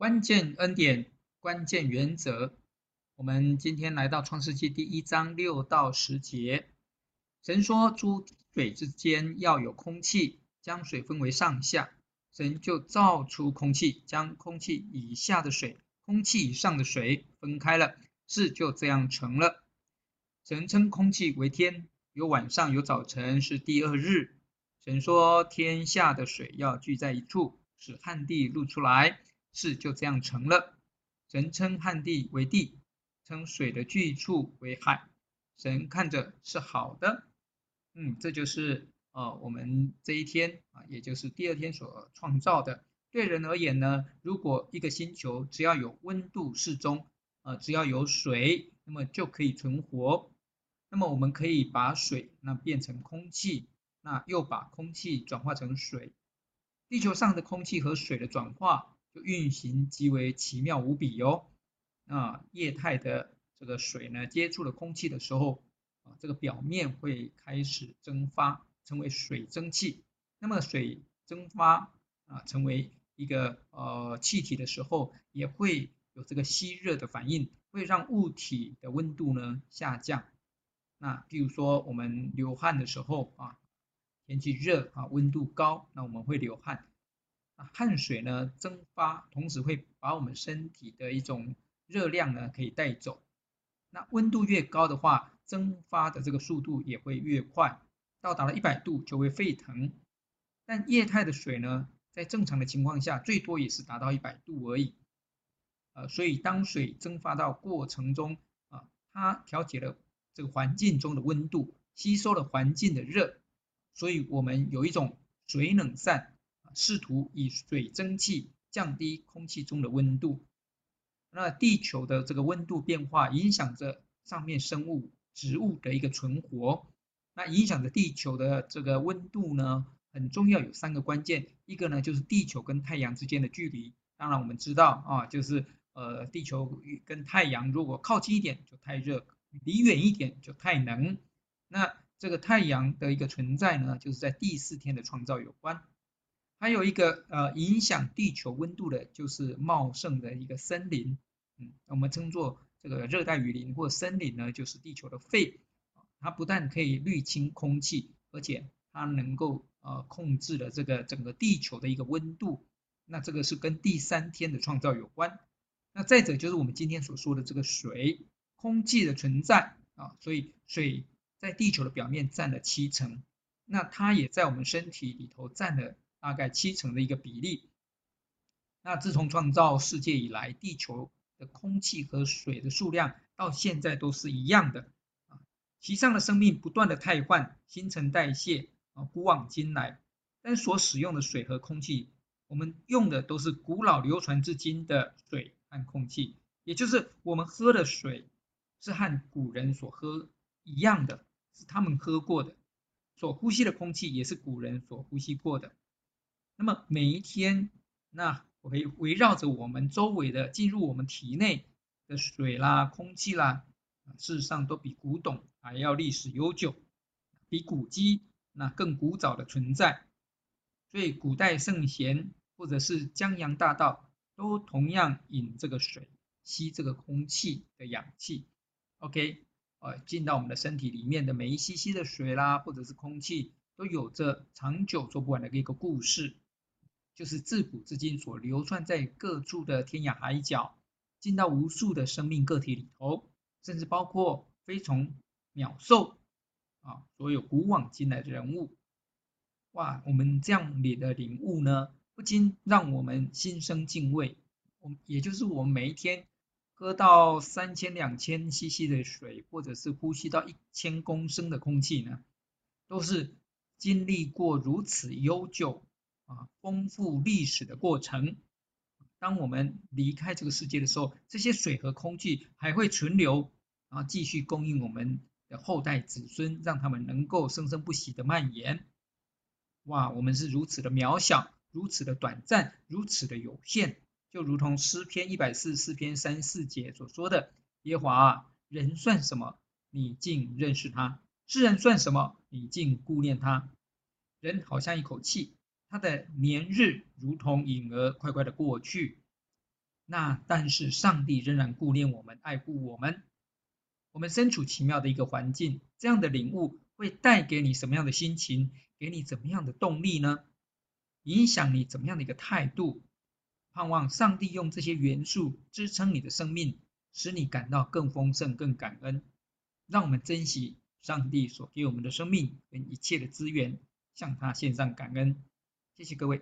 關鍵恩典，關鍵原則。我們今天來到創世紀第一章六到十節。神說：諸水之間要有空氣，將水分為上下。神就造出空氣，將空氣以下的水、空氣以上的水分開了，事就這樣成了。神稱空氣為天，有晚上有早晨，是第二日。神說：天下的水要聚在一處，使旱地露出來。事就這樣成了。人稱旱地為地，稱水的聚處為海。神看着是好的，嗯，這就是呃，我們這一天啊，也就是第二天所創造的。對人而言呢，如果一個星球只要有溫度適中，呃，只要有水，那麼就可以存活。那麼我們可以把水那變成空氣，那又把空氣轉化成水。地球上的空氣和水的轉化。就運行極為奇妙無比喲、哦。啊，液態的這個水呢，接觸了空氣的時候，啊，這個表面會開始蒸發，成為水蒸氣。那麼水蒸發啊，成為一個呃氣體的時候，也會有這個吸熱的反應，會讓物體的溫度呢下降。那比如說我們流汗的時候啊，天氣熱啊，溫度高，那我們會流汗。汗水呢蒸發，同時會把我們身體的一種熱量呢可以帶走。那溫度越高的話，蒸發的這個速度也會越快。到達了一百度就會沸騰。但液態的水呢，在正常的情況下，最多也是達到一百度而已。呃，所以當水蒸發到過程中，啊、呃，它調節了這個環境中的溫度，吸收了環境的熱，所以我們有一種水冷扇。試圖以水蒸氣降低空氣中的溫度。那地球的這個溫度變化影響着上面生物、植物的一個存活。那影響着地球的這個溫度呢，很重要有三個關鍵，一個呢就是地球跟太陽之間的距離。當然我們知道啊，就是呃地球跟太陽如果靠近一點就太熱，離遠一點就太冷。那這個太陽的一個存在呢，就是在第四天的創造有關。還有一個呃影響地球溫度的就是茂盛的一個森林，嗯，我們稱作這個熱帶雨林或森林呢，就是地球的肺，它不但可以濾清空氣，而且它能夠呃控制了這個整個地球的一個溫度。那這個是跟第三天的創造有關。那再者就是我們今天所說的這個水、空氣的存在啊，所以水在地球的表面佔了七成，那它也在我們身體裡頭佔了。大概七成的一個比例。那自從創造世界以來，地球的空氣和水的數量到現在都是一樣的。啊，其上的生命不斷的汰換、新陳代謝，啊，古往今來，但所使用的水和空氣，我們用的都是古老流傳至今的水和空氣，也就是我們喝的水是和古人所喝一樣的，是他們喝過的；所呼吸的空氣也是古人所呼吸過的。那麼每一天，那圍圍繞着我們周圍的、進入我們體內的水啦、空氣啦，事實上都比古董還要歷史悠久，比古籍那更古早的存在。所以古代聖賢或者是江洋大盜，都同樣飲這個水、吸這個空氣的氧氣。OK，呃，進到我們的身體裡面的每一吸吸的水啦，或者是空氣，都有着長久做不完的一個故事。就是自古至今所流竄在各處的天涯海角，進到無數的生命個體裡頭，甚至包括飛蟲、鳥獸啊，所有古往今來的人物，哇！我們這樣裡的領悟呢，不禁讓我們心生敬畏。我也就是我們每一天喝到三千、兩千 CC 的水，或者是呼吸到一千公升的空氣呢，都是經歷過如此悠久，啊，豐富歷史的過程。當我們離開這個世界的時候，這些水和空氣還會存留，然後繼續供應我們的後代子孫，讓他們能夠生生不息的蔓延。哇，我們是如此的渺小，如此的短暫，如此的有限，就如同詩篇一百四十四篇三四節所說的：耶和華啊，人算什麼？你竟認識他；世人算什麼？你竟顧念他？人好像一口氣。他的年日如同影兒，快快的過去。那但是上帝仍然顧念我們，愛護我們。我們身處奇妙的一個環境，這樣的領悟會帶給你什麼樣的心情？給你怎麼樣的動力呢？影響你怎麼樣的一個態度？盼望上帝用這些元素支撐你的生命，使你感到更豐盛、更感恩。讓我們珍惜上帝所給我們的生命跟一切的資源，向他獻上感恩。謝謝各位。